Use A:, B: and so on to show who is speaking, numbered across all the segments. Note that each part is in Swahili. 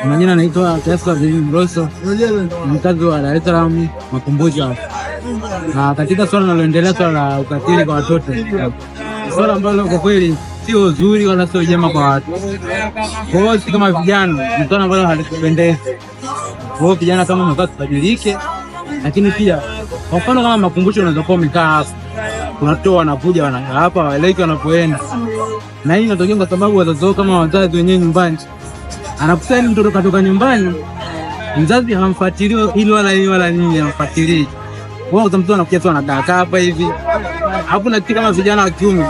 A: Kwa majina anaitwa Tesla Abdul Mroso, mkazi wa Dar es Salaam Makumbusho. Na katika swala linaloendelea, swala la ukatili kwa watoto, swala ambalo kwa kweli sio zuri wala sio jema kwa watu. Kwa hiyo sisi kama vijana, ni swala ambalo halitupendezi. Kwa hiyo vijana kama tunataka tubadilike, lakini pia kwa mfano kama Makumbusho unaweza kuwa umekaa hapa, unatoa wanakuja wanakaa hapa, waeleki wanapoenda, na hii inatokea kwa sababu wazazi kama wazazi wenyewe nyumbani anakusani mtoto katoka nyumbani, mzazi hamfuatilii ili wala yeye wala nini, hamfuatilii wao. Mtoto anakuja tu anakaa hapa hivi, hapo. Na Kama vijana wa kiume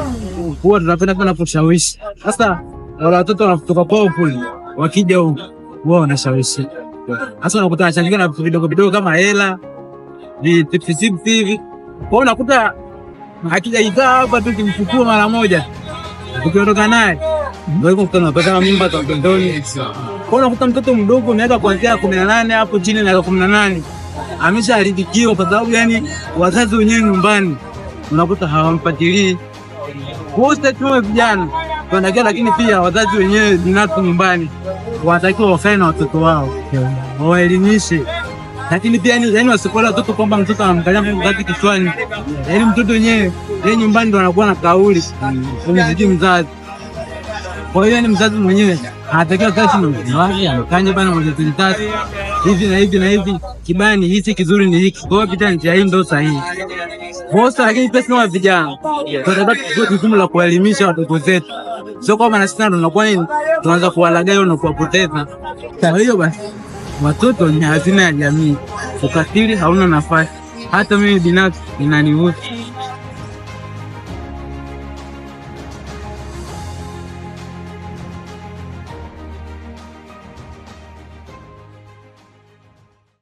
A: huwa tunapenda sana kushawishi. Sasa wale watoto wanatoka kwa upuli, wakija huko wao wanashawishi. Sasa unakuta anachangia na vidogo vidogo kama hela, ni tipsi hivi, wao unakuta akija ikaa hapa tu kimchukua mara moja ukiondoka naye na mimba za utotoni. Kwa unakuta mtoto mdogo miaka kuanzia kumi na nane hapo chini, na kumi na nane ameshaharibikiwa kwa sababu yani wazazi wenyewe nyumbani unakuta hawamfatilii kuostetue vijana wanatakiwa, lakini pia wazazi wenyewe binafsi nyumbani wanatakiwa wafanye na watoto wao, wawaelimishe lakini pia yani wasikuona watoto kwamba mtoto anamkalia Mungu kati kichwani, yani mtoto wenyewe yeye nyumbani ndo anakuwa na kauli kumzidi mzazi. Kwa hiyo ni mzazi mwenyewe anatakiwa kazi mwenyewe wake anakanya bana moja tatu tatu hivi na hivi na hivi, kibaya ni hichi kizuri ni hiki, kwa pita njia hii ndio sahihi bosa. Lakini pesa na vijana tunataka jukumu la kuelimisha watoto zetu, sio kwamba na sisi tunakuwa nini, tunaanza kuwalagai na kuwapoteza. Kwa hiyo basi, watoto ni hazina ya jamii, ukatili hauna nafasi. Hata mimi binafsi inanivuta